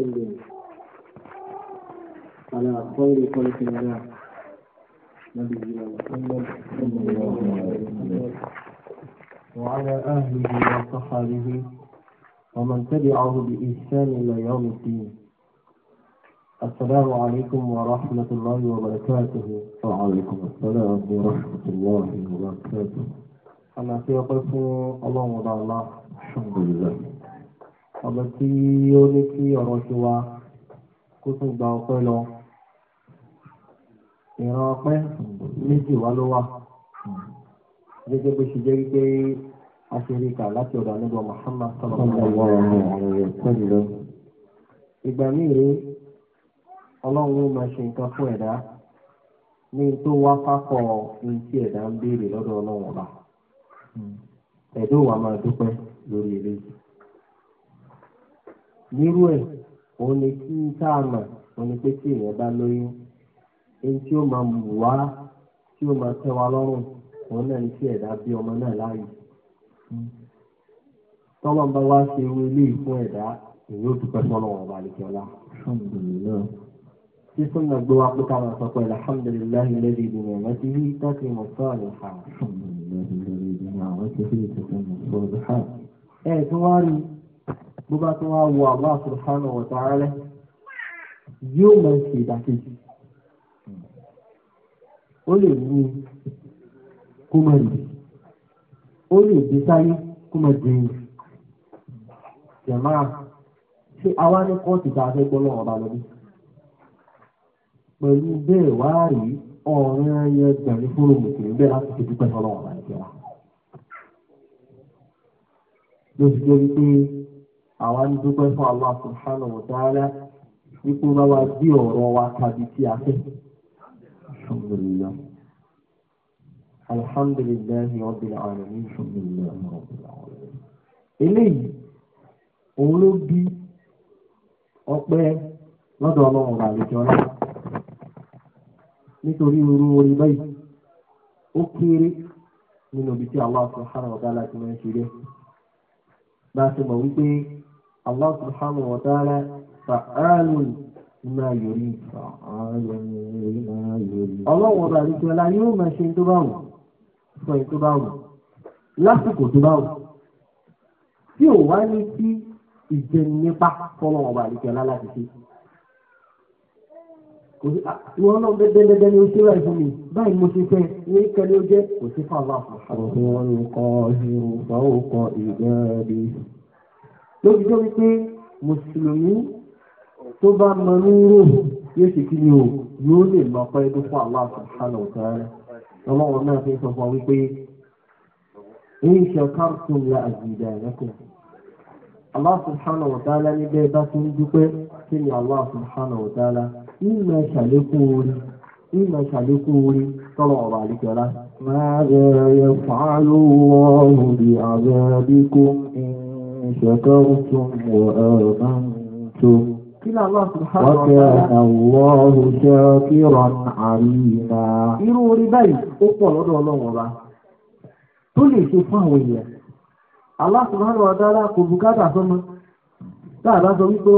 كله على خير خلق الله نبينا محمد صلى الله عليه وسلم وعلى اهله وصحبه ومن تبعه باحسان الى يوم الدين السلام عليكم ورحمة الله وبركاته وعليكم السلام ورحمة الله وبركاته أنا في قسم الله وضع الله الحمد لله ọmọ tí ó ní kí ọ̀rọ̀ ṣe kó tún gba ọpẹ́ lọ ìran ọpẹ́ méjì wá ló wà gẹ́gẹ́ bó ṣe jẹ́ wípé a ṣe rí kà láti ọ̀dọ̀ Muhammad sallallahu ìgbà míì rí ọlọ́run máa ṣe nǹkan fún ẹ̀dá ní tó wá ní tí ẹ̀dá nírú ẹ̀ òun ni kí n tá a mà òun ni pé tí èèyàn bá lóyún ẹni tí ó máa mú wá tí ó máa tẹ́ wa lọ́rùn òun náà ní kí ẹ̀dá bí ọmọ náà láàyè tọ́lọ́ bá wá ṣe irú ilé ìfún ẹ̀dá èyí ó dúpẹ́ sọ́lọ́ wọn bá jọlá. Tí súnmọ̀ gbé wa pé káwọn sọ pé alhamdulillahi lẹ́bi ìdùnnú ẹ̀mọ́ ti rí tọ́kì mọ̀ sọ́ọ̀lù ha. Ẹ tí wọ́n rí bó bá tún wá wo Allah subhanahu wa ta'ala yóò máa ṣe ìdàkejì ó lè wú kó máa lè ó lè gbé sáyé kó máa dèyìn jẹ̀máà ṣé àwa ní kóòtù tá a fẹ́ gbọ́ lọ́wọ́ ọba lọ́dún pẹ̀lú bẹ́ẹ̀ wá rí ọ̀rẹ́ ẹyẹ gbẹ̀rí fúnra mùsùlùmí bẹ́ẹ̀ láti fi dúpẹ́ fọlọ́wọ́ ọba ìjọba lóṣù tó wípé àwa ń dúpẹ́ fún Allah subhanahu wa ta'ala ipò bá wa gbé ọ̀rọ̀ wa tàbí tí a fẹ́. alhamdulillah alhamdulillah rabbil alamin alhamdulillah rabbil alamin. eléyìí òun ló bí ọpẹ́ lọ́dọ̀ ọlọ́run ọba àlejò ọlá nítorí irú orí báyìí ó kéré nínú ibi tí Allah subhanahu wa ti máa ń ṣe dé bá a ti mọ̀ wípé. Allah subhanahu wa ta'ala fa'alu ma yòrí ọlọ́wọ́ bá rí jọlá yóò máa ṣe tó bá wù sọ ètò bá wù lásìkò tó bá wù tí ò wá ní sí ìjẹnipa fọlọ́wọ́ bá rí jọlá láti ṣe wọn náà bẹ dẹdẹdẹ ni o ṣe báyìí fún mi báyìí mo ṣe fẹ́ ní kẹlẹ ó jẹ kò sí fún àwọn àfọwọ́sọ. òfin wọn kọ ìrùbá ó kọ ìgbẹ́rẹ́ bíi lóbi tó wípé mùsùlùmí tó bá mọ ní rò yóò ṣe kí ni o yóò lè mọ pẹ́ tó fún àwọn àṣàṣàn ọ̀tá rẹ̀ ọlọ́run náà fi sọ fún wa wípé èyí ṣe káàtó ya àjìdá ẹ̀rẹ́kọ̀. Allah subhanahu wa ta'ala ní bẹ́ẹ̀ bá tún dúpẹ́ kí ni Allah subhanahu wa ta'ala ìmọ̀ ṣàlékún orí ìmọ̀ ṣàlékún orí tọ́lọ̀ ọ̀rọ̀ àlejò ọ̀la. Máa bẹ̀rẹ̀ fàálù wọ́ọ̀rù bí àbẹ̀rẹ̀ bí kò. شكرتم وآمنتم وكان الله شاكرا عليما irú orí báyìí ó pọ̀ lọ́dọ̀ ọlọ́run ọba tó lè ṣe fún àwọn èèyàn Allah subhanahu wa ta'ala kò bùkátà sọ́mọ tá a bá sọ wípé ó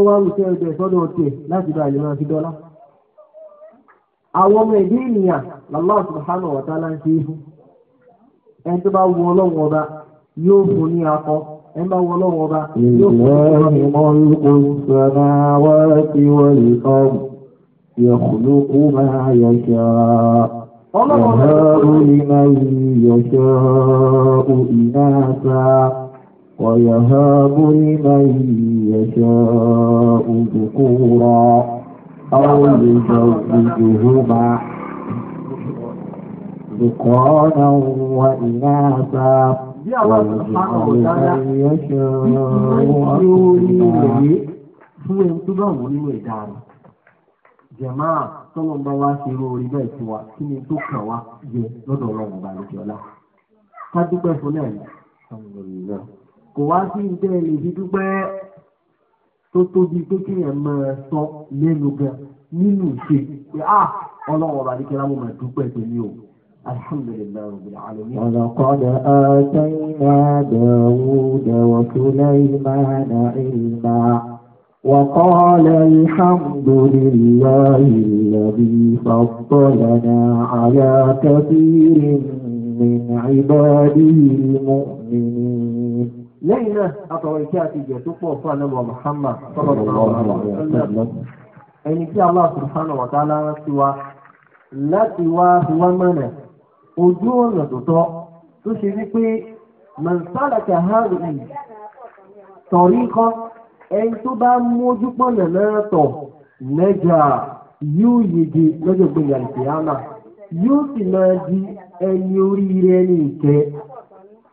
àwọn ọmọ ènìyàn ẹni tó bá ọba yóò fún ní akọ ẹ̀mbá wọ lọ́wọ́ ọba yóò fún يخلق ما يشاء يهاب لمن يشاء إناثا ويهاب لمن يشاء ذكورا أو يزوجهما ذكرانا وإناثا bí àwọn àtúnṣe ọ̀dáyà ní orí rèé fún ẹni tó bá wù nínú ẹ̀dá rẹ̀ jẹ̀má tọ́lọ́mbà wá ṣe irú orí bẹ́ẹ̀ sí wa kí ni tó kàn wá yẹ lọ́dọ̀ ọlọ́run ọba àlejò ọlá ká dúpẹ́ fún náà ni kò wá sí الحمد لله رب العالمين ولقد آتينا داود وسليمان علما وقال الحمد لله الذي فضلنا على كثير من عباده المؤمنين ليلة اطويتاتي جاتوكو محمد صلى الله عليه وسلم أي شاء الله سبحانه وتعالى سوى لا سوى هو منه ojú ọ̀nà tó tọ́ tó ṣe wípé mọ̀nsálàkà hàrùn tọ̀rí kọ́ ẹni tó bá mójú pọ̀nà náà tọ̀ lẹ́jà yóò yege lọ́jọ́ gbẹ̀yà ìfìyàmà yóò sì máa di ẹni oríire ẹni ìkẹ́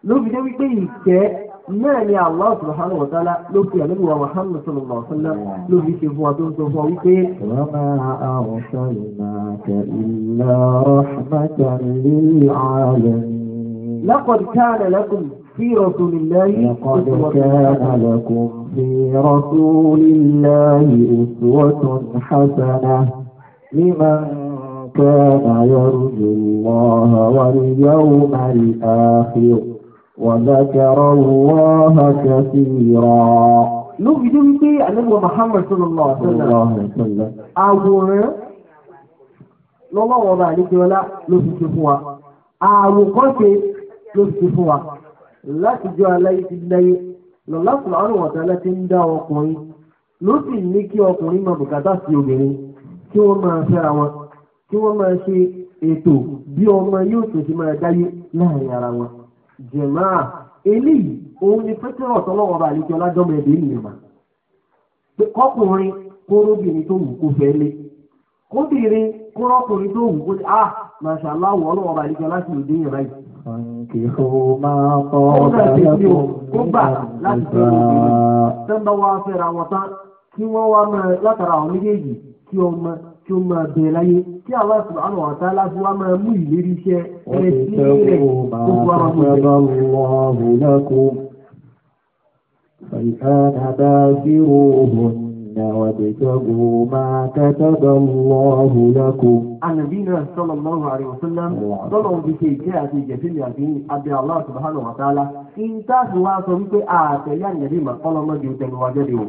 ló fi dé wípé ìkẹ́ náà ni Allah subhanahu wa ta'ala ló fi àlejò wa Muhammad sallallahu alaihi wa sallam ló fi ṣe fún wa tó ń sọ fún wa wípé. wa ma arsalnaka illa rahmatan lil alamin. laqad kana lakum في رسول الله لقد كان لكم في رسول الله أسوة حسنة لمن كان يرجو الله واليوم الآخر وذكر الله كثيرا ló fi dé wípé àlẹ́gbọ́ Muhammad sallallahu alaihi wasallam àwòrán lọ́wọ́wọ́ bá àlejòọ́lá ló fi ṣe fún wa àwòkọ́ṣe ló fi ṣe fún wa láti jọ aláyé ti láyé lọ́lá fúlàánù wọ̀tálá ti ń dá ọkùnrin ló sì ní kí ọkùnrin máa bùkátà sí obìnrin kí wọ́n máa fẹ́ra wọn kí wọ́n máa ṣe ètò bí ọmọ yóò tún ṣe máa dáyé láàrin ara wọn jẹ̀máà eléyìí òun ni pétérò ọ̀tọ́lọ́wọ́ bá àlejò ọlájọ́mọ ẹ̀dẹ́ ènìyàn mà kọkùnrin kóróbìnrin tó wù kó fẹ́ lé kóbìnrin kórọ́kùnrin tó wù kó ti ah màṣà aláwọ̀ ọlọ́wọ́ bá àlejò láti lòdì èèyàn báyìí. Kìkó máa kọ́ ọ̀gá lọ́kùn kó gbà láti fẹ́ lóbìnrin. Sẹ́ńbà wa fẹ́ra wọn tán kí wọ́n wá mọ́ látara àwọn méjèèjì kí ọmọ kí ó máa bẹ̀rẹ̀ láyé kí àwọn àtúbà àwọn àtá aláfi wá máa mú ìlérí iṣẹ́ ẹni tí ó rẹ̀ tó fún àwọn ọmọ rẹ̀. فالآن وابتغوا ما كتب الله لكم النبينا صلى الله عليه وسلم tọ́lọ̀ bí ṣe ìjẹ́ àti ìjẹ̀sílẹ̀ àti abẹ́ Allah subhanahu wa ta'ala ìntàfi wa sọ wípé àtẹ̀lé àyẹ̀dí màkọ́lọ́mọ́dé ó tẹnu wa jáde o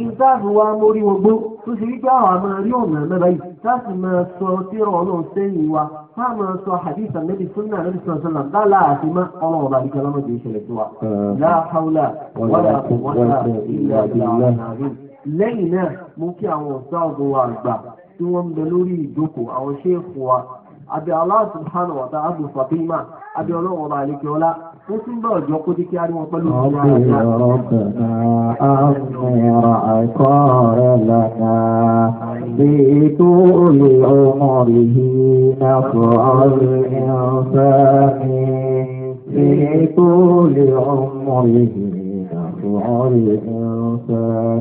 ìntàfi wa mórí ogbó tó ṣe wípé àwọn àmọ́ rí ọ̀nà mẹ́ta yìí láti máa sọ tírọ̀ ọlọ́run sẹ́yìn wa fáwọn sọ hadith anabi sunna anabi sọ̀rọ̀ sọ̀rọ̀ dálà àti má ọlọ́run ọba àdìgbàlámọ́dé ìṣẹ̀lẹ̀ sí wa la hawla wala quwwata illa billah lẹ́yìn náà mú kí àwọn ọ̀sá ọ̀gbọ̀n wa àgbà tí wọ́n ń bẹ lórí ìjókòó àwọn ṣéèfù wa àbí Allah subhanahu wa ta'ala abu fatima àbí ọlọ́run ọba àlejò ọlá wọ́n tún bá ọjọ́ kó dé kí á rí wọn pẹ̀lú ìlú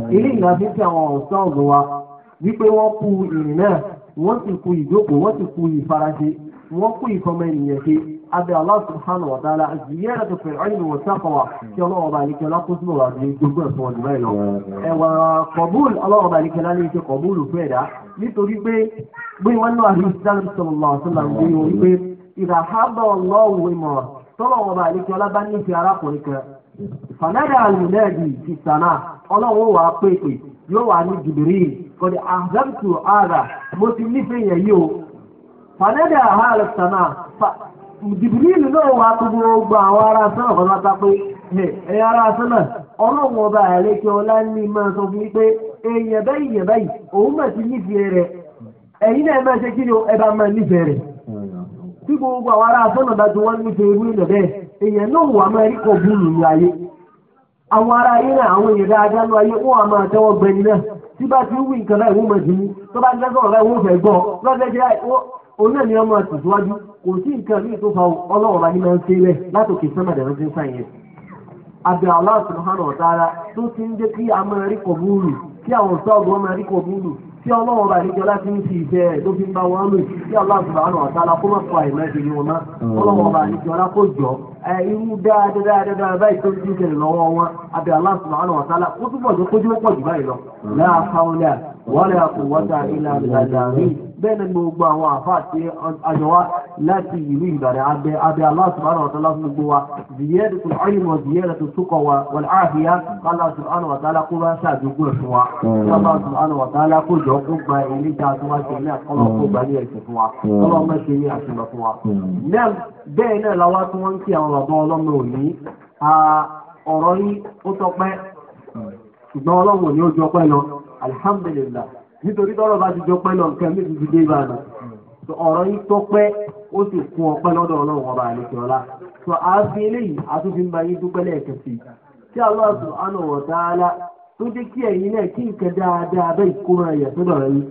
ilé ìlànà fi ń fi àwọn ọ̀sán ọ̀dọ̀ wa wípé wọ́n kú ìrìn náà wọ́n sì kú ìjókòó wọ́n sì kú ìfaraṣe wọ́n kú ìfọmọ ènìyàn ṣe abẹ́ Allah subhanahu wa ta'ala àzìyẹ́ rẹ̀ tó fẹ̀ ọ́yìn wọ̀ sáfọ̀wà kí ọlọ́wọ́ bá nìkẹ́ lákòóso wà ní gbogbo ẹ̀fọ́ ọ̀dùn báyìí lọ. ẹ̀wà kọ̀búl ọlọ́wọ́ bá nìkẹ́ lálẹ́ iṣẹ́ kọ̀búl fún ẹ̀dá nítorí pé bí wọ́n náà rí islam sallallahu alaihi wasallam gbé wọn wípé ìdàhábọ̀ ọlọ́wọ́ ìmọ̀ràn tọ́lọ́wọ́ bá nìkẹ́ ọlábá nífẹ̀ẹ́ arákùnrin kan fanada almunadi fi sama ọlọ́run wà á pèpè yóò wà ní Jibril kọ́ni ahzabtu ara mo ti nífẹ̀ẹ́ yẹn yìí o fanada ha sama Jibril náà wà á tó gbogbo àwọn ará sọ́nà kan láta pé ẹ̀yà ará sọ́nà ọlọ́run ọba àrẹ́kẹ́ ọlá ní máa sọ fún mi pé èèyàn báyìí báyìí òun mà ti nífẹ̀ẹ́ ẹ̀yin náà máa tí gbogbo àwọn ará asọ́nà dájú wọn ní ìfẹ́ irú èèyàn bẹ́ẹ̀ èèyàn náà wà máa awara kọ̀ọ̀bù nínú ayé àwọn ará ayé náà àwọn èèyàn dáadáa ní ayé wọn àmọ́ àtẹwọ́ gbẹni náà tí bá ti wí nǹkan láì wọ́n mọ̀ sí tó bá ti lẹ́sọ̀rọ̀ láì wọ́n fẹ́ gbọ́ nke òun náà ni ọmọ àtẹ̀síwájú kò sí nǹkan ní ìtòfà ọlọ́wọ́ bá ní máa ń ṣe rẹ̀ látòkè sọ́nà tí ọlọ́run bá níjọ láti ń fi ìfẹ́ ẹ̀ ló fi ń bá wọn lò tí Allah subhanahu wa ta'ala kó má fọ àìmọ́ ẹ̀dẹ̀ ni wọn má ọlọ́run bá níjọ lá kó jọ ẹ irú dáadáa dáadáa báyìí tó ń dín ìṣẹ̀lẹ̀ lọ́wọ́ wọn abẹ́ Allah subhanahu wa kó túbọ̀ jẹ́ kójú ó pọ̀ jù báyìí lọ. la hawla wala quwwata illa billah bẹ́ẹ̀ ni gbogbo àwọn àfáà tí àjọ wa láti ìlú Ìbàdàn abẹ abẹ Allah subhanahu wa ta'ala fún gbogbo wa ziyadatul ilm wa ziyadatul tuqa wa wal afiya Allah subhanahu wa ta'ala kó bá ṣàdúgbò ẹ̀ fún wa Allah subhanahu wa ta'ala kó jọ kó gba ilé ìjà tó wá hmm. ṣe ní àkọlọ nítorí tọ́rọ̀ bá ti jọ pẹ́ lọ nǹkan méjì ti dé bá lọ ọ̀rọ̀ yìí tó pẹ́ ó sì kún ọpẹ́ lọ́dọ̀ ọlọ́run ọba àlejò ọlá tó a fi eléyìí a tún fi ń ba yín dúpẹ́ lẹ́ẹ̀kan sí i tí Allah ta'ala tó jẹ́ kí ẹ̀yin náà kí nǹkan dáadáa bẹ́ẹ̀ kó máa yẹ sọ́dọ̀ rẹ ni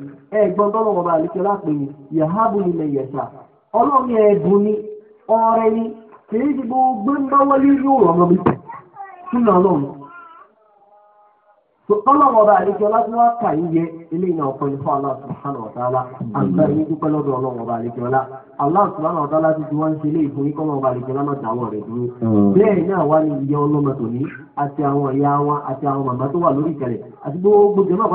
tọ́lọ́mọ ọba àlejò ọlásùnwó kà ń yẹ eléyìí náà ọ̀pọ̀ ìfọ̀ Allah subhanahu wa ta'ala àgbà yìí dúpẹ́ lọ́dọ̀ ọlọ́mọ ọba àlejò ọlá Allah subhanahu wa ta'ala ti di wọ́n ń ṣe eléyìí fún yín kọ́mọ ọba àlejò ọlá máa dáwọ́ rẹ̀ dúró. Mm. bẹ́ẹ̀ náà wá ní ìyá ọlọ́mọ tòní àti àwọn ìyá wọn àti àwọn màmá tó wà lórí ìkẹlẹ̀ àti gbogbo gbogbo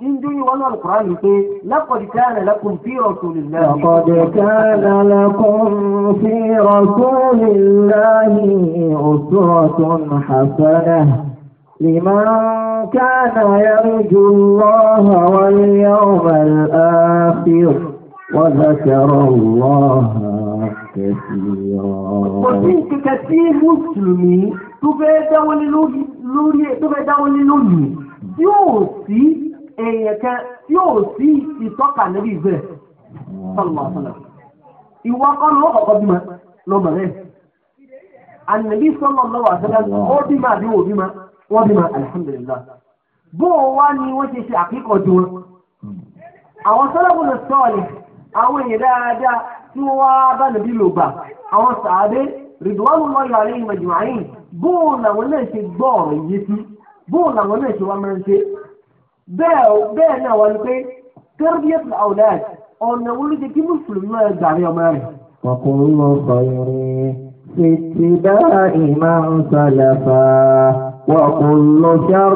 níjúyìn wọn náà kúrò ní pé laqad kana lakum fi rasulillahi. laqad kana lakum fi rasulillahi uswatun hasanah liman kana yarju Allaha wal yawmal akhir wa dhakara Allaha kò sí kẹ̀kẹ́ tí mùsùlùmí tó fẹ́ dáwọ́lé lórí tó fẹ́ dáwọ́lé lórí yóò sí èèyàn kan yóò sí ìtọ́ka níbi ìgbẹ́ sọlọ́sọlọ́ ìwọ kọ́ ló kọ̀kọ́ bímọ lọ́mọ rẹ̀ ànàbí sọlọ́lọ́wọ́ àtẹ́lẹ́ ó bímọ àbí wò bímọ wọ́n bímọ alihamudulilá bó o wá ní wọ́n ṣe ṣe àkíkọ̀ ju wọn. àwọn sọlọ́kùn lè sọ̀ọ̀lì àwọn èèyàn dáadáa tí wọ́n wá bá nàbí lò gbà àwọn sàádé rìdùwánù lọ́yọ̀ àlẹ́ ìmọ̀jùmáyìn bó làwọn náà ṣe gbọ́ ọ̀rọ̀ bẹ́ẹ̀ bẹ́ẹ̀ náà wọ́n ní pé tẹ́rẹ́bíyẹ́tì àwòlẹ́ẹ̀ ọ̀nà wọlé jẹ́ kí mùsùlùmí náà gbàrí ọmọ rẹ̀. ọkùnrin mọ sọyìnrì títí bá ìmọ̀ ń sọlẹ̀fà وكل شر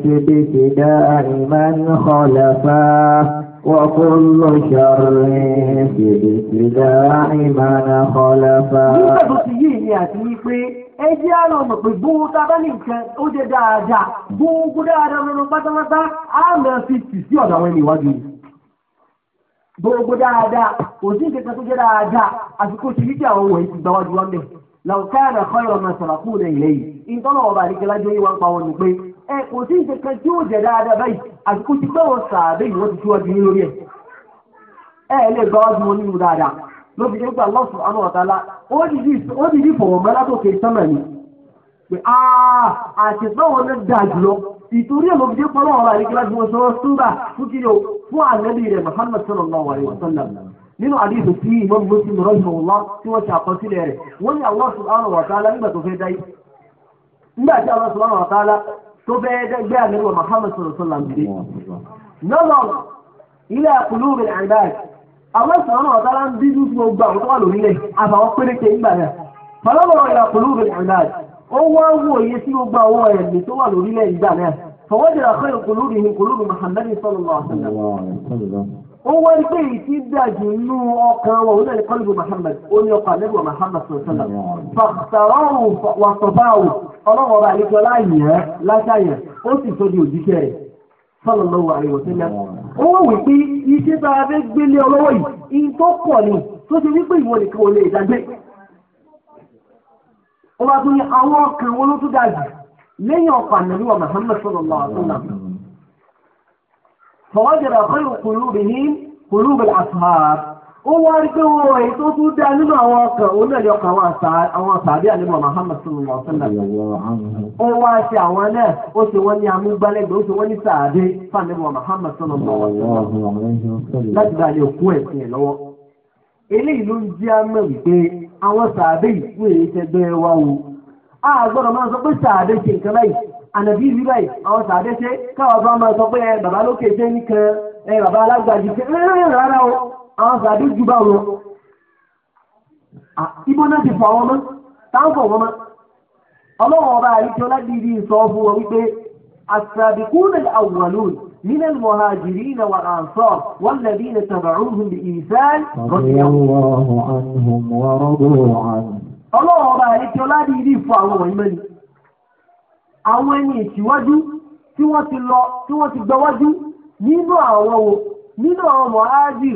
في ابتداء من خلفا وكل شر في ابتداء من خلفا. eji jẹ́ àrùn ọ̀mọ̀ pé gbogbo tá a bá ní nǹkan ó jẹ́ dáadáa gbogbo dáadáa lọ́nà pátápátá á mọ̀ fi tì sí ọ̀dọ̀ àwọn ẹni ìwájú yìí gbogbo dáadáa òsì nǹkan nke jẹ́ dáadáa àsìkò na wíkẹ́ àwọn wọ̀nyí ti gbáwájú wọn bẹ̀ làwùkáyà ẹ ló fi dé pé Allah subhanahu wa ta'ala ó dìdí ìfọ̀wọ̀mọ́ látòkè sánmà ni pé ah, àṣetán wọn lè dà jùlọ ìtorí ẹ̀ ló fi dé pé ọlọ́run ọba àríkílá tí wọ́n sọ súnbà fún kí ni o fún ànábì rẹ̀ Muhammad sallallahu alaihi wa sallam nínú àdéhùn tí Imam Muslim rahimahullah tí wọ́n ṣe àkọsílẹ̀ rẹ̀ wọ́n ní Allah subhanahu wa ta'ala nígbà tó fẹ́ dáyé nígbà tí Allah subhanahu wa tó fẹ́ gbé ànábì Muhammad sallallahu alaihi wa sallam dìde. nọ́ọ̀lọ́ ilé àkùlù rẹ̀ àǹdáyé àwọn ìsọ̀rọ̀ náà ọ̀dára ń bí dúdú gbogbo àwọn tó wà lórílẹ̀ àbàwọn péréte ìgbà náà fọlọ́mọ̀rọ̀ ìlà pẹ̀lú rẹ̀ ìrìnàjò ó wá ń wò iye sí gbogbo àwọn ẹ̀mí tó wà lórílẹ̀ ìgbà náà fọwọ́dìrà kọ́yọ̀ kòlúrì ní kòlúrì Muhammad sọ́lọ́lọ́ ó wá ní pé èyí tí dájú nínú ọkàn wọn ó lẹ́nu kọ́lùbù Muhammad ó ní ọkọ̀ àlẹ́bù Muhammad sọ̀tọ́lá fàtàrọ̀ wàtọ̀báwò ọlọ́wọ́ ọba àlejò láàyè ẹ́ ó sì sọ di òjíṣẹ́ rẹ̀ sallallahu alaihi wasallam ó wọ́n wí pé iṣẹ́ tá a fẹ́ gbélé ọlọ́wọ́ yìí in tó pọ̀ ni tó ṣe wípé ìwọ nìkan ò lè dàgbé ó bá tún ní àwọn ọkàn wọn ló tún dàgbé lẹ́yìn ọ̀pọ̀ ànàbí wa Muhammad sallallahu alaihi wasallam ó wá rí pé wọn èyí tó tún dá nínú àwọn ọkàn òun náà yọkàn àwọn àtàbí àníbọ̀ Muhammad sallallahu alaihi wasallam ó wá ṣe àwọn náà ó ṣe wọ́n ní amúgbálẹ́gbẹ̀ẹ́ ó ṣe wọ́n ní sàádé fàníbọ̀ Muhammad sallallahu alaihi wasallam láti bá a lè kú ẹ̀sìn ẹ̀ lọ́wọ́ eléyìí ló ń àmọ́ wípé àwọn sàádé yìí fún èyí wá o àgbọ̀dọ̀ máa sọ pé sàádé ṣe nǹkan báyìí ànàbí ìlú báyìí àwọn sàádé ṣe káwọn bá máa sọ pé ẹ bàbá lókè àwọn sàbí ju bá wọn ibo náà ti fọ àwọn mọ táwọn fọ wọn mọ ọlọ́wọ́n ọba àyíkẹ́ ọládìrí sọ fún wọn wípé السابقون الأولون من المهاجرين والأنصار والذين تبعوهم بإيثار رضي الله عنهم ورضوا عنه ọlọ́run ọba àlejò ọládì ilé ìfọ àwọn wọ̀nyí mẹ́rin àwọn ẹni ìṣíwájú tí wọ́n ti lọ tí wọ́n ti gbọ́wájú nínú àwọn wo nínú àwọn mọ̀háájì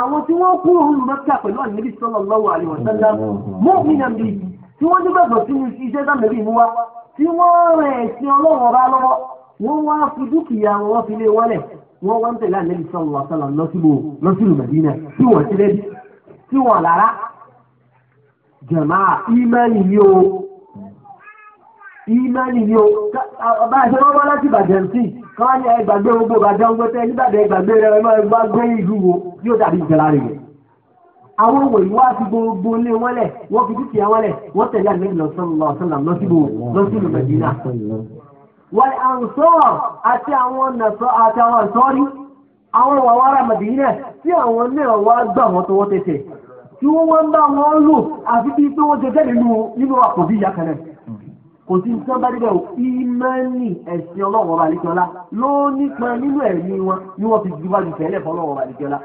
àwọn tí wọ́n kú òun mọ́kà pẹ̀lú àníbi sallallahu alaihi wasallam mu'minan bihi tí wọ́n nígbàgbọ́ sínú iṣẹ́ sàmẹ́bí mú wa tí wọ́n rẹ̀ ẹ̀sìn ọlọ́run ọba lọ́wọ́ wọ́n wá fi dúkìá wọn fi lé wọlé wọ́n wá ń tẹ̀lé àníbi sallallahu alaihi wasallam lọ́sílù lọ́sílù Mẹ̀dínà tí wọ́n ti lẹ́bi tí wọ́n lára jàmáà ìmánì ni o ìmánì ni o bá a ṣe wọ́n bá láti bàjẹ́ káwá ní ẹgbàgbé gbogbo ìbàdàn ń gbẹ́tẹ́ nígbàdàn ẹgbàgbé rẹ ẹgbẹ́ ẹgbẹ́ gbé ìlú wo yóò dàbí ìjọra rẹ̀ àwọn òwò yìí wá fi gbogbo ilé wọn lẹ̀ wọ́n fi dúkìá wọn lẹ̀ wọ́n tẹ̀lé àmì lọ́sọ̀lọ́sọ̀lọ́ lọ́síbò lọ́síbò mẹ̀dínà wọ́n àǹsọ́ àti àwọn nàṣọ́ àti àwọn àǹsọ́rí àwọn wàwárà mẹ̀dínà tí àwọn náà wá gbà wọ́n tọwọ́ tẹ̀tẹ̀ tí wọ́n wá ń bá wọn lò àfi bíi pé wọ́n jẹ́ jẹ́ nínú nínú àpòbí ìyá kan náà kò sí nǹkan bá débẹ̀ o ìmọ̀ọ́nì ẹ̀sìn ọlọ́wọ́ ọba àdìkẹ́ọ́lá ló nípa nínú ẹ̀mí wọn ni wọ́n fi gbígbájú tẹ́lẹ̀ fún ọlọ́wọ́ ọba àdìkẹ́ọ́lá.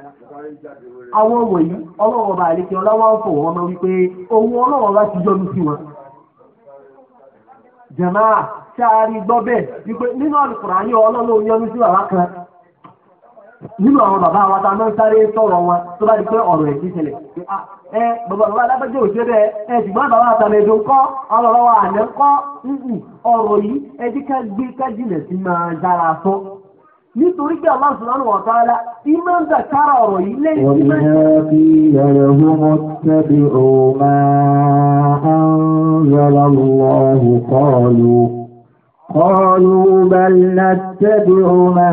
àwọn wọ̀nyí ọlọ́wọ́ ọba àdìkẹ́ọ́lá wá ń fọ̀ wọ́n mọ́ wípé òun ọlọ́wọ́ ọba ti yọnu sí wọn. jàmáà ṣáà rí gbọ́ bẹ́ẹ̀ wípé nínú àlùkùránì ọlọ́lọ́ nínú àwọn bàbá wa tá a máa ń sáré sọ̀rọ̀ wọn tó bá di pé ọ̀rọ̀ ẹ̀ ti ah, ẹ bàbá bàbá alábẹ́jọ́ òṣè ẹ ṣùgbọ́n bàbá àtàlẹ́jọ́ kọ́ ọ̀rọ̀ wa àná ń kọ́ ọ̀rọ̀ yìí ẹ ká gbé ká sí máa dára sọ. nítorí pé Allah subhanahu wa ta'ala ń dà kára ọ̀rọ̀ yìí lẹ́yìn tí máa ń. قالوا بل نتبع ما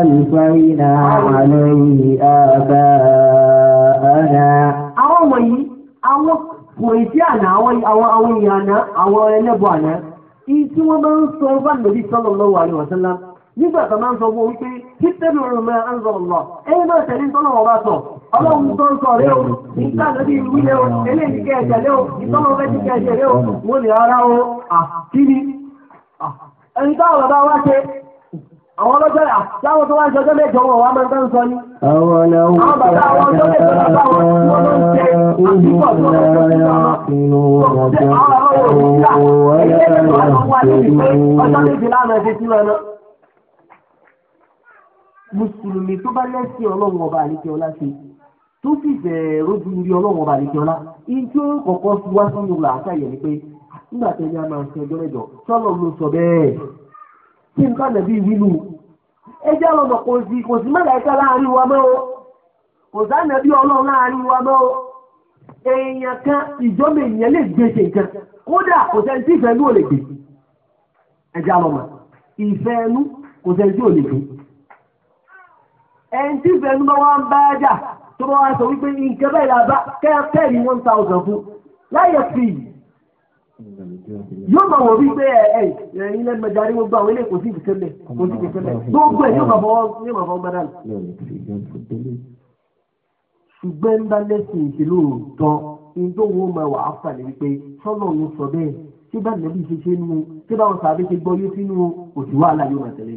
ألفينا عليه آباءنا àwọn wọ̀nyí àwọn kòrìtì àná àwọn àwọn ìyànà àwọn ẹlẹ́bọ̀ àná ìyí tí wọ́n máa ń sọ bá nàbí sallallahu alaihi wasallam nígbà tó máa ń sọ fún wípé títẹ́lù ọ̀rùnmọ́ anzọ̀lọ̀ ẹni náà tẹ̀lé tọ́nà ọba sọ ọlọ́run tó ń sọ rẹ o nígbà lórí ìwúlẹ̀ o eléyìí kẹ́ ẹ̀jẹ̀ lé o ìtọ́nà ọbẹ̀ ti kẹ́ ẹ̀jẹ̀ lé o wọ́n ní ara o àkíní ẹni táwọn bàbá wá ṣe àwọn ọlọ́jọ́ yà láwọn tó wá ń ṣọjọ́ mẹ́jọ wọn wà máa ń tán sọ ni. àwọn bàbá àwọn ọjọ́ mẹ́jọ bàbá wọn wọn ń ṣe àbíkọ̀ tó ń sọ nípa wọn. ṣé àwọn ọmọ wọn ò wọn wà níbi pé ọjọ́ méjì mùsùlùmí tó bá lẹ́sìn ọlọ́run ọba àlejò ṣe tó sì bẹ̀ẹ̀ rójú rí ọlọ́run ọba àlejò ọlá nígbà tó ní a máa ń sin ẹjọ́ sọ́lọ́ ló sọ bẹ́ẹ̀ tí nǹkan nàbí wílù ẹjẹ́ ọlọ́mọ kò sí kò sí mẹ́lẹ̀ẹ́kẹ́ láàrin wa mọ́ o kò sánàbí ọlọ́run láàrin wa mọ́ o èèyàn kan ìjọba èèyàn lè gbèsè kan kódà kò sẹ́ni tí ìfẹ́ ló lè gbè ẹjẹ́ ọlọ́mọ ìfẹ́ kò sẹ́ni tí ò lè ẹni tí ìfẹ́ bá wá ń bá ẹjà tó bá wá sọ yóò máa wọ̀ wípé ẹ ẹ ẹyin lẹ́nu mẹ́ta ní gbogbo àwọn ilé kò sí ìfẹ́lẹ̀ kò sí ìfẹ́lẹ̀ gbogbo ẹ̀ yóò máa fọwọ́ yóò máa fọwọ́ gbádà lọ. ṣùgbọ́n ń bá lẹ́sìn ìṣèlú tán ní tó wọ́n máa wà áfà ní wípé sọ́nà òun sọ bẹ́ẹ̀ tí bá nàbí ṣe ṣe nu tí báwọn sàbí ṣe gbọ́ yé sínú òsì wàhálà yóò máa tẹ̀lé.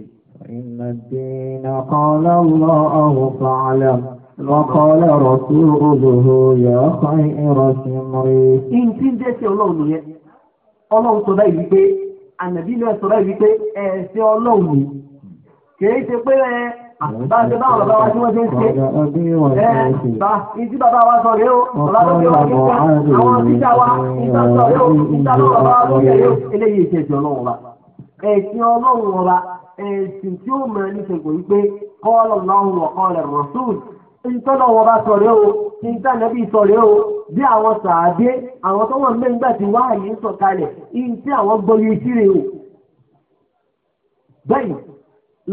ìnàdínà kan lọ́wọ́ ọlọ́run sọ báyìí wípé ànàbí náà sọ báyìí wípé ẹ̀ẹ́sẹ̀ ọlọ́run ni kìí ṣe pé ẹ bá ṣe báwọn bàbá wa tí wọ́n ṣe ń ṣe ẹ bá ìdí bàbá wa sọ rèé o bàbá tó fi wọn kíkà àwọn títà wa ìta sọ rèé o ìta ló bàbá wa lórí ẹ̀yọ́ eléyìí ṣe ẹ̀sìn ọlọ́run wa ẹ̀sìn ọlọ́run wa ẹ̀sìn tí ó mọ̀ ẹ́ níṣe kò wípé kọ́ ọlọ́run wọ̀ kọ́ ọ̀rẹ́ rọ̀ṣúùsì ìtọ́nà wọn bá sọ̀rẹ́ o kí n tànẹ́bí sọ̀rẹ́ o bí àwọn sàádé àwọn tó wọ́n mẹ́rin gbà tí wàá yìí ń sọ̀kalẹ̀ ìyí tí àwọn gbọ́yé síre o. bẹ́ẹ̀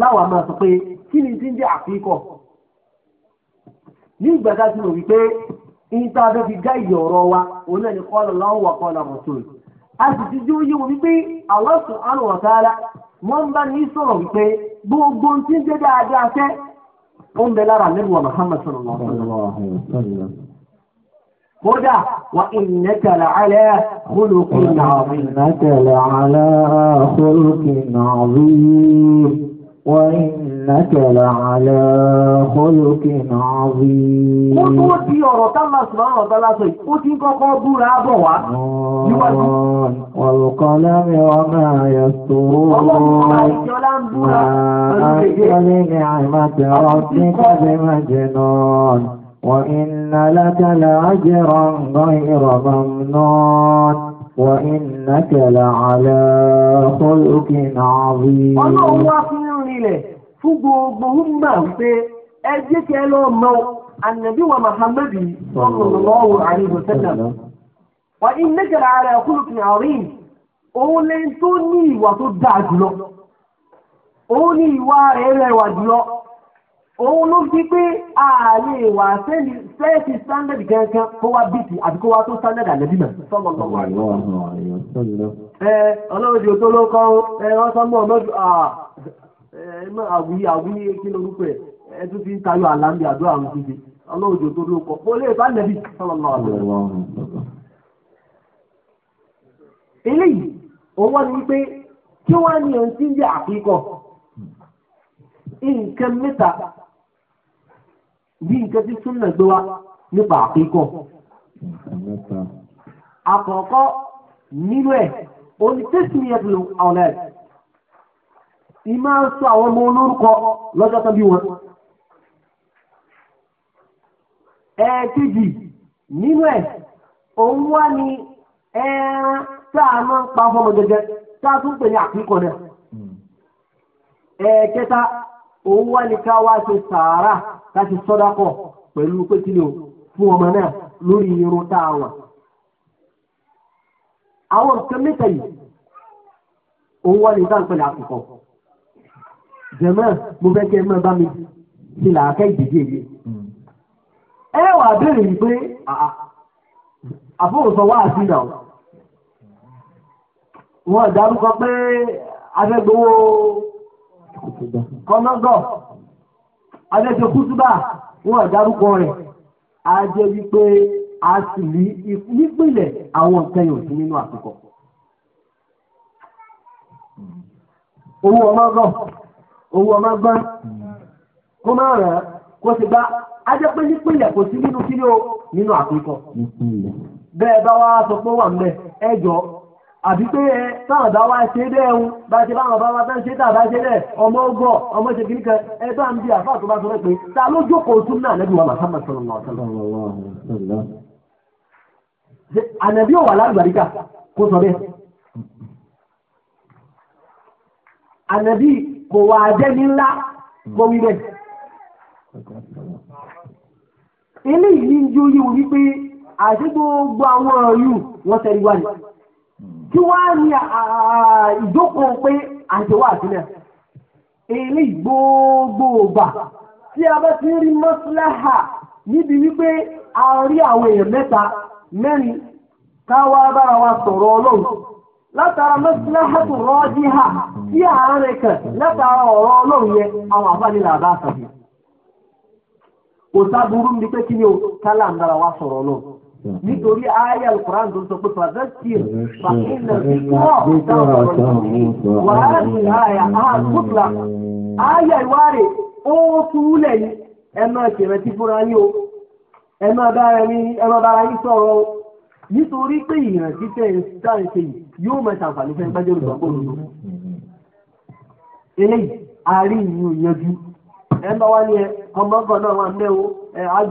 láwà máa sọ pé kí ni ti ń jẹ́ àfikọ́ ní ìgbà ti wípé ìyí tá a wa òun náà ni kọ́lọ̀ lọ́wọ́ kọ́lọ̀ a sì ti dúró yé wípé àwọn sùn àrùn ọ̀tá ń bẹ lára nílùú Muhammad sallallahu alaihi wasallam. kódà wa innaka la'ala khuluqin 'azim. innaka la'ala khuluqin 'azim. وإنك لعلى خلق عظيم ó tó di ọ̀rọ̀ tálà sùnmọ́ ọ̀rọ̀ tálà sọ yìí ó ti ń kọ́kọ́ búra bọ̀ wá níwájú. والقلم وما يسطرون ما أنت بنعمة ربك بمجنون وإن لك لأجرا غير ممنون وإنك لعلى خلق عظيم. ilẹ̀ fún gbogbo húnmà wípé ẹ jẹ́ kí ẹ lọ́ọ́ mọ ànàbí wa ní ara òun lè tó ní ìwà tó dáa jùlọ òun ní ìwà rẹ̀ jùlọ òun ló fi pé sẹ́ẹ̀sì kankan kó wá bìtì àti kó wá tó ànàbí náà ẹ ọlọ́run ti o tó ẹ ọ́ sọ́mọ́ ẹ eh, má àwí àwí kí lorúkọ ẹ ẹ tún ti ń tayọ àlàndì àdó àwọn òṣìṣẹ́ ọlọ́ọ̀dọ̀ tó ló kọ kó lè bá nẹ́bí sọlọ́lá ọ̀dọ̀. eléyìí òun wá ní pé kí wọ́n á ní ohun tí ń jẹ́ àkíkọ̀ nǹkan mẹ́ta bí nǹkan tí súnmọ̀ gbé wá nípa àkíkọ̀. àkọ́kọ́ nínú ẹ̀ onítẹ̀síyẹ̀ ló ọ̀lẹ́ ìmá ń sọ àwọn ọmọ olórúkọ lọ́jọ́ tó bí wọn. ẹ̀ẹ́kejì nínú ẹ̀ òun wá ní ẹran tá a máa ń pa fọmọ gẹ́gẹ́ tá a tún pè ní àpíkọ náà. ẹ̀ẹ́kẹta òun wá ní ká wá ṣe sàárà ká ṣe sọ́dákọ̀ pẹ̀lú pétílò fún ọmọ náà lórí irun tá a wà. àwọn nǹkan mẹ́ta yìí òun wá ní ká ń pè ní jẹ̀mọ́ mo fẹ́ kí ẹ máa bá mi ṣe làákẹ́ ìdíje mi. ẹ wà béèrè yìí pé àfọwọ́sọ wá àti ìdà wọn dárúkọ pé afẹ́gbowó kọ́nọ́gọ̀ adẹ́sẹ̀ kútúbà wọn dárúkọ rẹ̀ á jẹ́ wípé a sì rí nípìnlẹ̀ àwọn nǹkan yòó sí nínú àsìkò. owó ọlọ́gọ̀. owó ọmọ gbọ́n kó má rẹ̀ kó ti gbá ajẹ́ pé nípìnlẹ̀ kò sí nínú kíló nínú àpékọ̀ bẹ́ẹ̀ bá wá sọ pé wà àbí pé ẹ táwọn bá wá ṣe bá ṣe báwọn bá ọmọ ọgọ́ ọmọ ṣe kìíní kan ẹ bá ń bi àfáà kò wà jẹ́ni ńlá kò wí bẹ́ẹ̀. eléyìí ń yíwu wípé àti gbogbo àwọn ọ̀yù wọ́n tẹ̀lé wá kí wàá ní ìjókòó pé àjẹwà àtúnẹ̀ eléyìí gbogbo ògbà tí a bá ti rí mọ́síláhà níbi wípé a rí àwọn èèyàn mẹ́ta látara mẹ́sílẹ́hẹ́tù rọ́ọ́jì hà tí àárẹ̀ kẹ̀ látara ọ̀rọ̀ ọlọ́run yẹ àwọn àbánilà bá sàbí. kò sábúrú ní pé kí ni o kálá ń dára wá sọ̀rọ̀ ọlọ́run nítorí ayé alukuran tó ń sọ pé fàzẹ́tìr fàkínà ìkọ́ ìdáhùn ọ̀rọ̀ yìí wàhálà ní àyà àgùtùlà ayé ìwárè ó túlẹ̀ ní ẹ máa ṣèrántí fúnra yín o ẹ máa bára yín sọ̀rọ̀ o. nítorí pé ìrántí tẹ́ ẹ sáré ṣe yìí yóò máa ṣàǹfààní fẹ́ gbájẹ́ olùgbàgbọ́ òdodo. eléyìí àárín ìlú yanjú ẹ bá wá ní ẹ náà wà mẹ́ o ẹ wà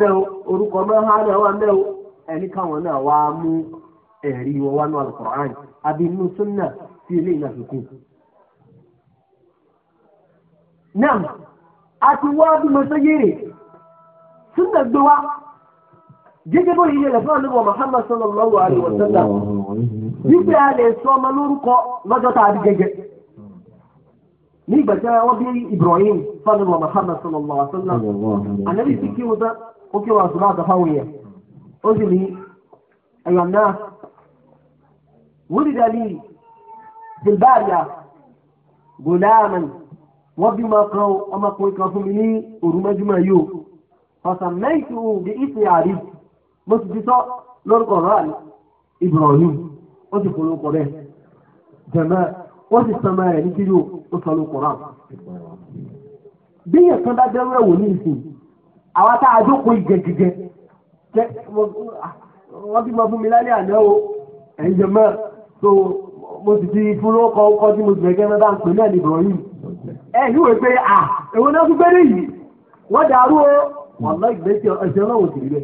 mẹ́ o orúkọ náà wà mẹ́ o ẹni káwọn náà mú ẹ̀rí wọn wá àbí inú súnà sí eléyìí náà gẹ́gẹ́ bó yìí lè fún àlùbọ̀ Muhammad sallallahu alayhi wa sallam wípé a lè sọ ọmọ lórúkọ lọ́jọ́ tá a di gẹ́gẹ́ ní ìgbà tí wọ́n bí Ibrahim fàlùbọ̀ Muhammad sallallahu alayhi wa sallam ànábì ti kí wọn tán ó kí wọn àtúbọ̀ àtàfáwọn yẹn ó sì ní ẹ̀yàn náà wúlìdà ní bilbaria gòláàmù wọ́n bí máa kan ọmọkùnrin kan fún mi ní òrùmọ́júmọ́ yìí o fàṣà mẹ́ìtì òun bí ìsìn àríyìn. mo ti ti sọ lórúkọ ọ̀rọ̀ àlè Ibrahim ó ti fún lórúkọ rẹ̀ jẹ̀mẹ́ ó sì sọmọ rẹ̀ ní kíló ó sọ lórúkọ rà. bí yẹn kan bá dẹ́rù ẹ̀wò ní ìsìn àwa tá a jókòó ìgẹ̀gẹ̀gẹ̀ wọ́n ti mọ fún mi lálẹ́ àná o ẹ̀yin jẹ̀mẹ́ tó mo ti ti fún lórúkọ ọkọ tí mo ti gẹ́gẹ́ mẹ́ta ń pè náà ní Ibrahim. ẹ yíwèé pé à èwo náà tún fẹ́rẹ̀ yìí wọ́n dàrú o wọ́n lọ ìgbésẹ̀ ọ̀ṣẹ́ náà wò sí rí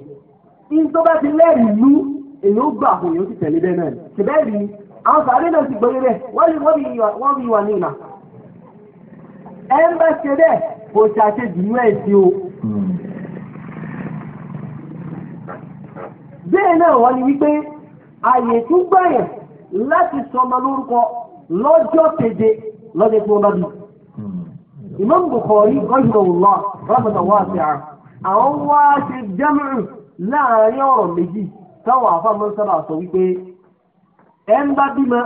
in tó bá ti lẹ́rìí lú èyí ó gbà fún yóò ti tẹ̀lé bẹ́ẹ̀ náà ṣùgbọ́n rí àwọn sàárè náà ti gbóyè rẹ̀ wọ́n bí wà ní ìlà ẹ ń bá ṣe bẹ́ẹ̀ kò ṣàṣejù ní ẹ̀sìn o. bẹ́ẹ̀ náà wọ́n ní wípé àyè tún gbàyàn láti sọmọ lórúkọ lọ́jọ́ keje lọ́jọ́ tí wọ́n bá bí. Imam Bukhari ọ̀yọ́ wùlọ́ rọ́bọ̀tà wá sí àwọn wá láàárín ọ̀rọ̀ méjì táwọn àfàmọ́ sábà sọ wípé ẹ ń bá bímọ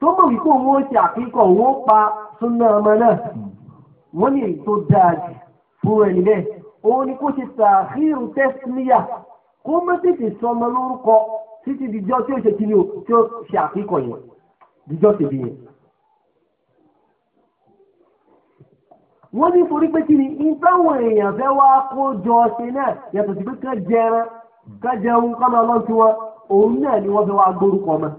tó mọ̀ wípé òun ó ṣe àkíkọ̀ òun ó pa súnà ọmọ náà wọ́n ní èyí tó dáa jù fún ẹni bẹ́ẹ̀ òun ni kó ṣe tààkìrù tẹ́síníyà kó má tètè sọmọ lórúkọ títí dijọ́ tí ó ṣe kiri o tí ó ṣe àkíkọ̀ yẹn dijọ́ tèbi yẹn. wọ́n ní forí pé kí ni ìtàwọn èèyàn fẹ́ wá kó jọ ṣe náà yàtọ̀ sí pé ká jẹran ká jẹun ká máa lọ́ọ́ sí wọn òun náà ni wọ́n fẹ́ wá gbórúkọ mọ́.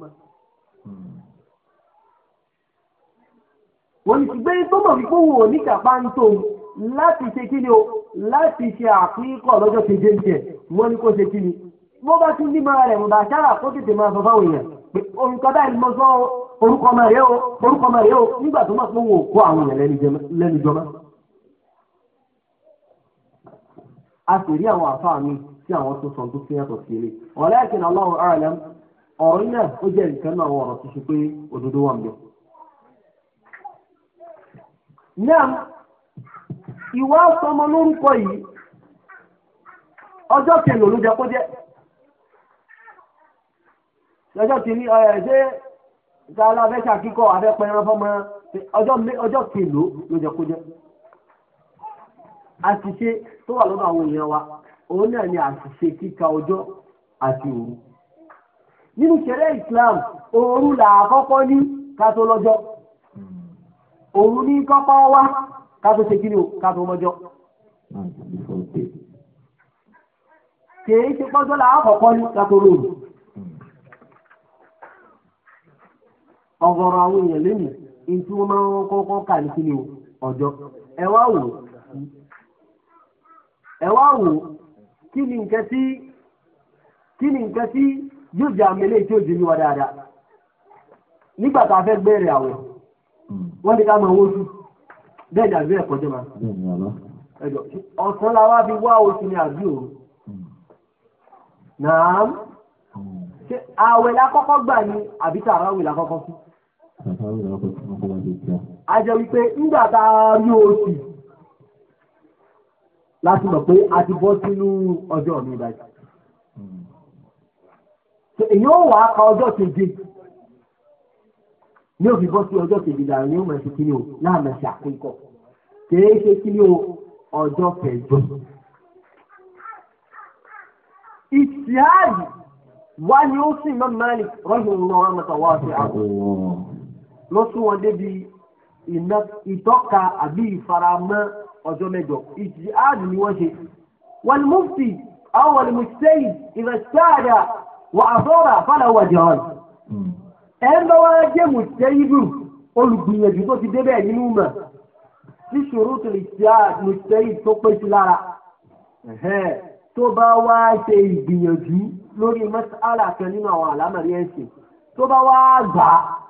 wọ́n ní ṣùgbọ́n tó mọ̀ wípé òun ò ní kàpá láti ṣe kí ni o láti ṣe àpínkọ̀ lọ́jọ́ keje ń jẹ wọ́n ní kó ṣe kí ni bó bá tún ní máa rẹ̀ mọ̀ bá ṣáà kó tètè máa sọ fáwọn èèyàn. pé oh, nǹkan báyìí orúkọ ọmọ o orúkọ na rẹ o nígbà tó kó àwọn èèyàn lẹ́nu a sì rí àwọn àfáà mi tí àwọn tó sọ fi yàtọ̀ sí ilé walakin Allahu a'lam ọ̀rọ̀ náà ó jẹ́ nǹkan náà ọ̀rọ̀ tó ṣe pé òdodo wà mí. náà ìwà sọmọ lórúkọ yìí ọjọ́ kẹlò ló lọ́jọ́ kìíní ọ̀rẹ́ ṣé ìta aláfẹ́ṣà kíkọ́ afẹ́pẹ́ ẹran fọ́mọ ọjọ́ kìló ló jẹ kó jẹ. àṣìṣe tó wà lọ́nà àwọn èèyàn wa òun náà ni àṣìṣe kíka ọjọ́ àti òru. nínú Islam òru là ní kátó lọ́jọ́ òru ní kọ́kọ́ wá kátó ṣe kíni o kátó mọ́jọ́. kèé ṣe pọ́jọ́ ọ̀gọ̀rọ̀ àwọn èèyàn lẹ́nu ntí wọ́n máa ń kọ́kọ́ kà ní kíni o ọjọ́ ẹ wá wò ẹ wò kí ni nǹkan tí kí ni nǹkan tí yóò jẹ àmì eléyìí tí ó jẹ níwá dáadáa nígbà tá a fẹ́ gbẹ̀rẹ̀ àwẹ̀ wọ́n ti ká máa wó sùn bẹ́ẹ̀ ni àbí ẹ̀kọ́ jẹ́ máa ọ̀sán la wá fi wá oṣù ní àbí òru nàá hmm. àwẹ̀ la kọ́kọ́ gbà ní àbí tààrà àwẹ̀ la kọ́kọ́ fún a jẹ́ wípé nígbà tá a rí oṣù láti mọ̀ pé a ti bọ́ sínú ọjọ́ mi báyìí. èèyàn wà á ka ọjọ́ keje ní òfin bọ́ sí ọjọ́ keje dàrú ní òmùẹ̀sì kíni o láàmẹ̀ sí àkókò kìí ṣe kíni o ọjọ́ kẹjọ. ìtìhádì wá ní ó sì mọ́ Malik rọ́ṣùn lọ́wọ́ mọ́tò wá sí àkókò lọ sún wọn débi ìtọ́ka àbí ìfaramọ́ ọjọ́ mẹ́jọ ìjì áàdì ni wọ́n ṣe. wal mufti aw wal mujtahid idha ijtahada wa asaba falahu ajran. Hmm. ẹ̀ ń bá wá jẹ́ mujtahidu olùgbìyànjú tó ti débẹ̀ nínú mọ̀ tí ṣòro tó lè ṣe àmùsẹ́yìn tó pé sí lára tó bá wá ṣe ìgbìyànjú lórí mọ́sálà kan nínú àwọn àlámọ̀rí ẹ̀sìn tó bá wá gbà á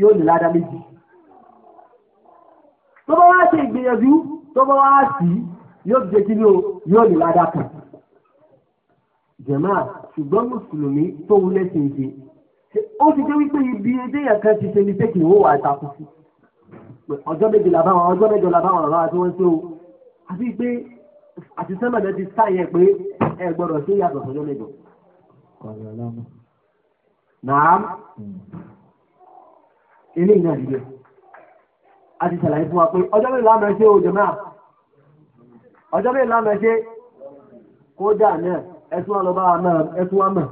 yóò ní ládá méjì tó bá wá ṣe ìgbìyànjú tó bá wá sí yóò fi jẹ́kí ní o yóò ní ládá kan jẹ̀máà ṣùgbọ́n mùsùlùmí tó wú lẹ́sìn ìṣe ó ti jẹ́ wípé ibi ẹdẹ́yà kan ti ṣe ní pé kì í wò wá takú sí ọjọ́ méje làbáwọn ọjọ́ méje làbáwọn ọ̀rọ̀ àti wọ́n tó àti pé àti sẹ́mẹ̀lẹ́ ti sáyẹ̀ pé ẹ gbọ́dọ̀ sí yàtọ̀ sọ́jọ́ méje. Nàám. ilé ìyá ìdílé a ti ṣàlàyé fún wa pé ọjọ́ mẹ́rin o jẹ̀mẹ́à ọjọ́ mẹ́rin láàmú kó dà náà ẹtún mọ̀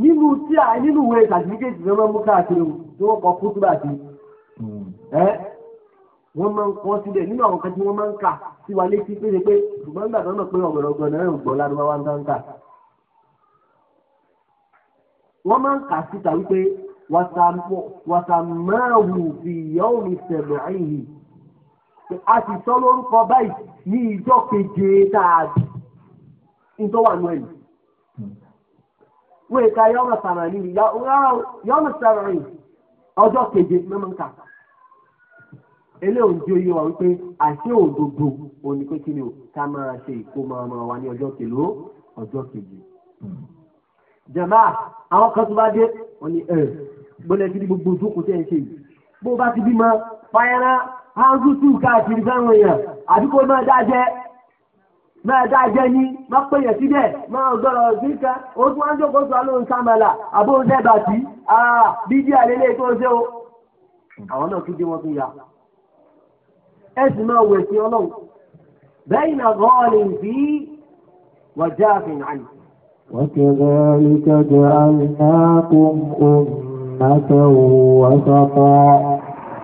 nínú tí a nínú ìwé sàtífíkẹ́tì ló mú káàkiri tí wọ́n kọ kú túbà sí hmm. ẹ́ wọ́n máa ń kọ́ nínú àwọn kan tí wọ́n máa ń kà sí wa pé wàtàmáàwù fi yọ̀ọ́ mi sẹ̀lọ̀ àìhì. a sì sọ lórúkọ báyìí ní ìjọ keje tá a bì nítorí wà nù ẹ̀yìn. wọ́n èka yọ̀ọ́ sàrà nínú yọ̀ọ́ sàrà rìn ọjọ́ keje mẹ́mọ́ nǹkan. eléyìí ń jẹ́ oyè wa wípé àṣé òdodo òní o ká máa ṣe ìkómọ ọmọ wa ní ọjọ́ kèló ọjọ́ keje. Hmm. jàmbá àwọn kan tó bá dé wọ́n ní ẹ̀ẹ́ gbọ́dọ̀ ti di gbogbo ìjókòó tẹ̀ ń ṣe yìí bó bá ti bímọ fayana hanzutu káàkiri fáwọn èèyàn àbí máa dá máa dá ní má péye síbẹ̀ máa gbọ́dọ̀ sí ká ó tún wá ń jókòó sọ lóun sàmàlà àbó ń dẹ́ bàtí bíbí àlélẹ́ tó ń ṣe o àwọn náà tún dé wọn tún ya ẹsùn náà wẹ̀ sí ọlọ́run bẹ́ẹ̀ náà gọ́ọ̀lì sí wàjá àfihàn. وكذلك جعلناكم أمة أمة وسطا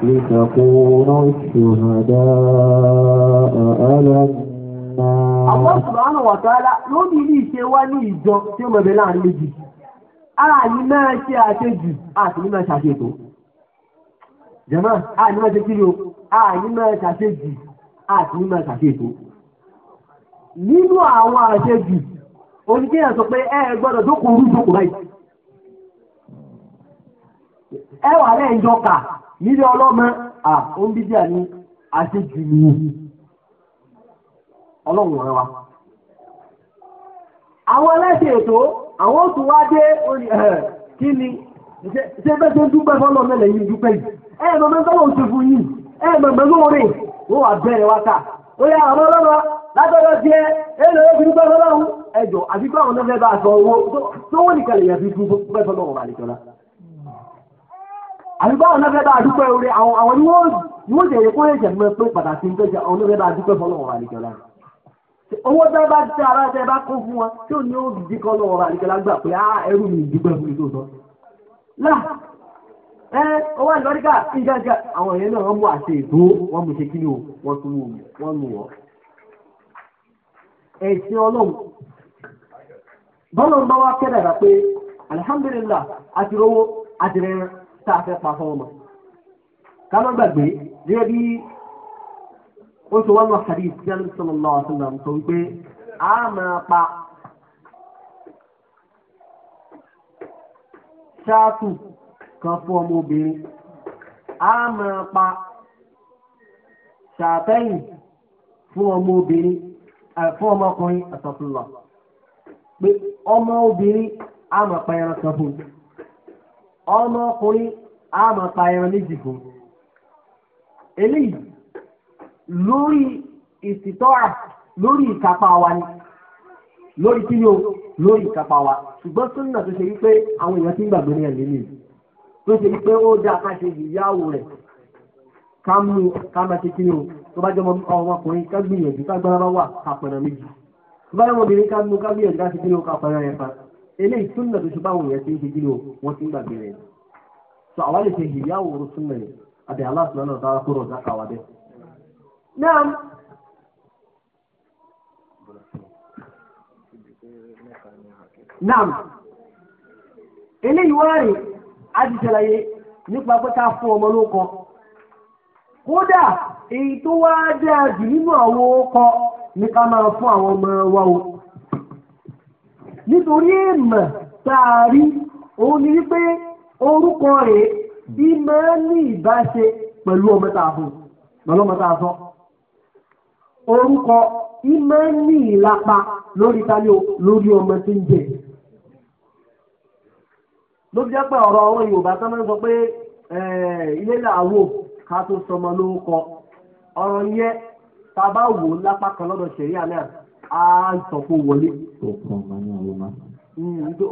لتكونوا الشهداء على Allah subhanahu wa ta'ala ló ní ilé ìṣe wá ní ìjọ tí ó mọ̀ bẹ́ẹ̀ láàrin méjì. Ara ní máa ṣe àṣejù, àti ní máa ṣàṣètò. Jẹ̀mọ́, a ní máa ṣe kí ni o, a ní máa ṣàṣejù, àti ní máa ṣàṣètò. Nínú àwọn àṣejù, oníkéyàn sọ pé ẹ gbọ́dọ̀ jókòó orú jókòó báyìí. ẹ wà lẹ́yìn jọkà nílé ọlọ́mọ à ó ń bí ní ọlọ́run rẹ wa. àwọn ẹlẹ́sìn ètò àwọn oṣù wa dé kí ni ṣé bẹ́ẹ̀ ṣe ń dúpẹ́ fọ́lọ́ mẹ́lẹ̀ yìí dúpẹ́ yìí ẹ ẹ̀ mọ̀mọ́ sọ́wọ́ oṣù fún yìí ẹ ẹ fi dúpẹ́ ẹ̀jọ̀ àwọn owó tó wọ́n nìkan lè àbíbáwọn náà fẹ́ bá àdúpẹ́ orí àwọn àwọn ni wọ́n ni wọ́n jẹ̀yẹ kó lè jẹ̀ mọ́ pé pàtàkì ń tẹ́jà àwọn onífẹ́ bá àdúpẹ́ fọlọ́wọ́ àdìgẹ́lá owó tẹ́ bá tẹ ara tẹ́ bá kó fún wa tí ò ní ó di kọ́ lọ́wọ́ àdìgẹ́lá gbà pé á ah, ẹrú mi ìdúpẹ́ fún mi tó sọ. là ẹ owó àlùbáríkà ìjàjà àwọn èèyàn náà wọ́n mú àṣẹ ètò wọ́n mú ṣe kíni àti rówó àti rẹ̀rẹ̀ tá a fẹ́ pa fún ọmọ. ká má gbàgbé gẹ́gẹ́ bí ó ṣe wọ́n lọ sàrí ìsìlẹ̀ sallallahu alaihi wasallam sọ wípé a máa pa ṣáàtù kan fún ọmọ obìnrin a máa pa ṣàtẹ́yìn fún ọmọ fún ọmọkùnrin àtọ̀tún lọ pé ọmọ obìnrin a máa pa ẹran kan fún un ọmọkùnrin a máa pa ẹran méjì fún eléyìí lórí ìsìtọ́ra lórí ìkápá wa ni lórí kí ni o lórí ìkápá wa ṣùgbọ́n súnà tó ṣe wípé àwọn èèyàn ti ń gbàgbé ní ẹ̀mí nìyí tó ṣe wípé ó dáa ká ṣe ìyáwó rẹ̀ ká mú ká máa ṣe kí ni o tó bá jẹ́ ọmọkùnrin ká gbìyànjú ká gbára wà ká méjì tó bá jẹ́ ọmọbìnrin ká mú ká gbìyànjú ká ṣe kí ni o ká pẹ̀rẹ̀ ẹ̀fà eléyìí súnà tó ṣe báwọn èèyàn ti ń ṣe kí ni o wọ́n ti ń gbàgbé rẹ̀ sọ àwa lè ṣe ìyá na súnà yìí àbí aláṣùnà náà sára kúrò ọ̀dà kàwá bẹ́ẹ̀. náà náà eléyìí wá rè nípa pé ká fún ọmọ kọ kódà èyí tó wá dáa jù nítorí èèmọ̀ tààrí òun ni wípé orúkọ rẹ̀ bí máa ń ní ìbáṣe pẹ̀lú ọmọ tààfún pẹ̀lú ọmọ tààfún orúkọ ìmọ̀ ń ní ìlapa lórí tálí lórí ọmọ tí ń jẹ ló fi jẹ́ pé ọ̀rọ̀ àwọn Yorùbá tó máa ń sọ pé ilé làwò ká tó sọmọ lórúkọ ọ̀rọ̀ yẹn tá a bá wò ó lápá kan lọ́dọ̀ ṣẹ̀ríà náà aa sọ fún wọlé.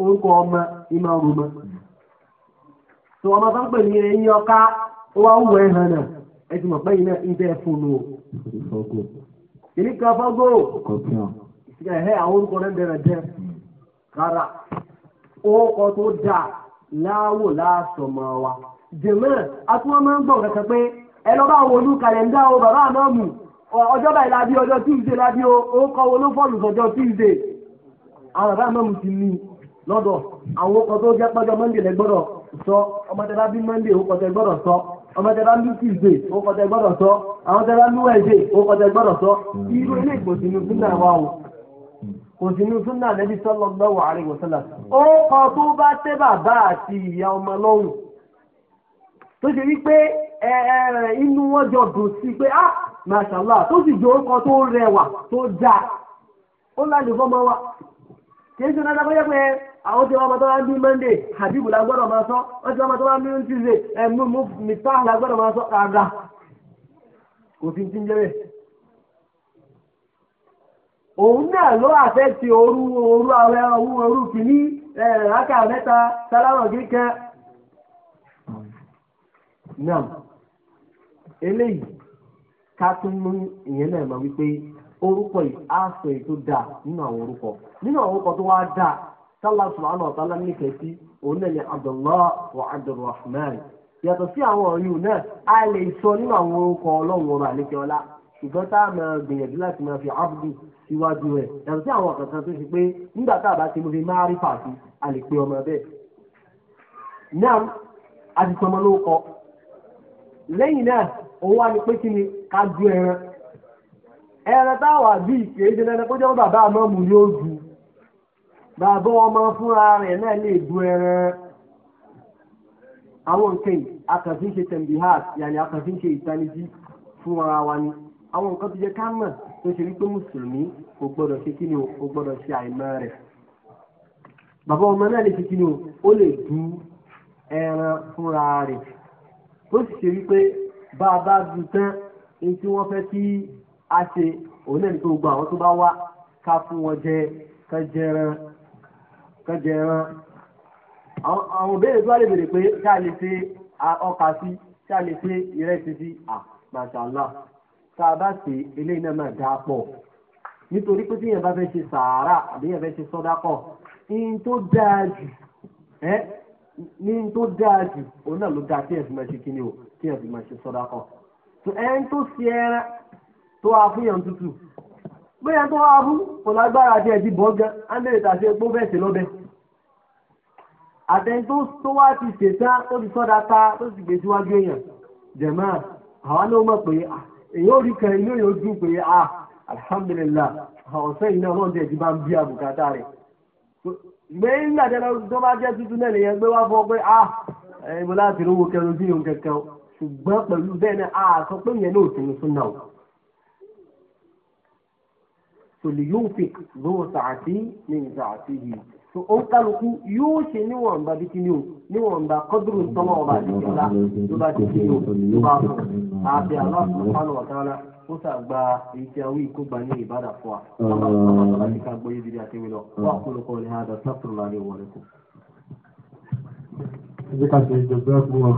orúkọ ọmọ ní ma orúkọ ọmọ ìmọ̀ àrùmá. tó ọmọ tó ń pè ní eyín ọká ó wá wù ẹ́ náà ẹ ti mọ̀ pé iná ibẹ̀ fún un o. kan fọ́gò. ẹ̀hẹ́ àwọn orúkọ rẹ̀ bẹ̀rẹ̀ orúkọ ọjọ́ báyìí la ọjọ́ tuesday la bí ó kọ́ wo ló fọ́ọ̀lù sọ́jọ́ tuesday àwọn ọ̀gá mọ́mù ti ní lọ́dọ̀ àwọn tó jẹ́ sọ ọmọ tẹ́lá bí monday ó tẹ gbọ́dọ̀ sọ ọmọ tẹ́lá bí tuesday tẹ gbọ́dọ̀ sọ àwọn tẹ́lá bí wednesday ó kọ́ tẹ gbọ́dọ̀ sọ irú ilé ìgbòsínú o kò súnà kọ mashallah tó sì jẹ́ orúkọ tó rẹwà tó ó láàyè wa kìí ṣe náà bóyá pé àwọn tí wọn bá tó wá ń bí la gbọ́dọ̀ máa sọ tí tó wá bí tuesday ẹ mú mú la gbọ́dọ̀ máa sọ rárá kò fi ti ń òun náà ló àfẹ́ ti ká tún mú ìyẹn náà mọ̀ wípé orúkọ yìí á sọ èyí tó nínú àwọn orúkọ nínú àwọn orúkọ tó wá dáa sálà subhanahu wa ta'ala sí òun náà ní Abdullah wa Abdulrahman yàtọ̀ sí a lè sọ nínú àwọn orúkọ ọlọ́run ọba àlékeọlá ṣùgbọ́n tá a máa gbìyànjú láti máa fi abdu síwájú rẹ̀ yàtọ̀ sí àwọn kankan tó ṣe pé nígbà tá a bá a lè pe ọmọ bẹ́ẹ̀. náà a ti òun wá ní pé kí ni ká ju ẹran ẹran táwa bí kìí ṣe lẹ́nu pé jẹ́ bàbá àmọ́ mú ju bàbá ọmọ fúnra náà lè du ẹran àwọn nǹkan yìí akàfi ń ṣe tẹ̀m̀bìhàt yàní akàfi ń ṣe ìtanijí fún ara wa ni àwọn nǹkan tó jẹ́ ká mọ̀ tó ṣe wípé mùsùlùmí kò ṣe kí ni o kò gbọ́dọ̀ ṣe àìmọ́ bàbá ọmọ náà lè ṣe o ó du ẹran fúnra rẹ̀ tó sì ṣe bá a bá dùn tán ní tí wọ́n fẹ́ kí a ṣe òun náà ní kí gbogbo àwọn tó bá wá ká fún wọn jẹ kẹjẹran àwọn òbéèrè tó wà lè béèrè pé ṣáà lè ṣe ọkà sí ṣáà lè ṣe ìrẹsì sí à tá a bá ṣe eléyìí náà máa dáa pọ̀ nítorí pé tíyẹn bá fẹ́ ṣe sàárà àbí yẹn fẹ́ ṣe sọ́dákọ̀ ní tó dáa jù ní tó dáa jù òun náà ló dáa tí ẹ̀ máa ṣe kíni o tí èèyàn fi máa ṣe sọ́dá kan tó ẹni tó ṣe ẹran tó wá fún yàn tútù bóyá tó wá fún kò lágbára àti ẹ̀dí bọ́ gan ándèrè tàbí epo bẹ́ẹ̀ lọ́bẹ̀ àtẹni tó wá ti ṣètàn tó ti sọ́dá ká tó ti gbé síwájú èèyàn jẹ̀mọ́ àwa náà mọ̀ pé èyí ò rí kan ilé yóò dùn pé alhamdulillah àwọn sẹ́yìn náà wọ́n jẹ́ ìdí bá ń bí àbùkátà rẹ̀ gbé ńgbàdé lọ tó bá jẹ́ tuntun náà nìyẹn gbé wá fọ́ pé ah ìbò láti rówó kẹrù sí òun kẹkẹ o ṣùgbọ́n pẹ̀lú bẹ́ẹ̀ ni a sọ pé yẹn náà ti ní súnà o. sòlì yóò fi lówó sàátì ní ìsàátì yìí so ó ń kálukú yóò ṣe níwọ̀nba bí kíni o níwọ̀nba kọ́dúrú tọ́mọ̀ ọba àdìgbòlá ló bá ti kíni o ló bá fún un àti aláàfin ọ̀tánlá ó sàgbà èyí tí a wí kó gba ní ìbàdàn fún wa. ọlọ́run àti ká ká ṣe ìjọba ẹ̀kú wọn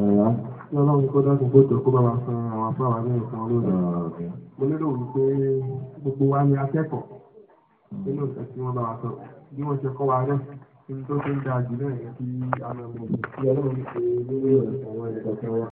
Ọlọ́run kó dákun kó jọ kó bá wa san àwọn afáwà ní ìfún olóòrùn. Mo lérò wípé gbogbo wa ni akẹ́kọ̀ọ́ nínú ìfẹ́ tí wọ́n bá wa sọ. Bí wọ́n ṣe kọ́ wa náà, ibi tó ṣe ń da jù náà yẹ kí a máa mọ̀ sí Ọlọ́run ṣe lórí ọ̀rọ̀ àwọn ẹ̀kọ́ wa.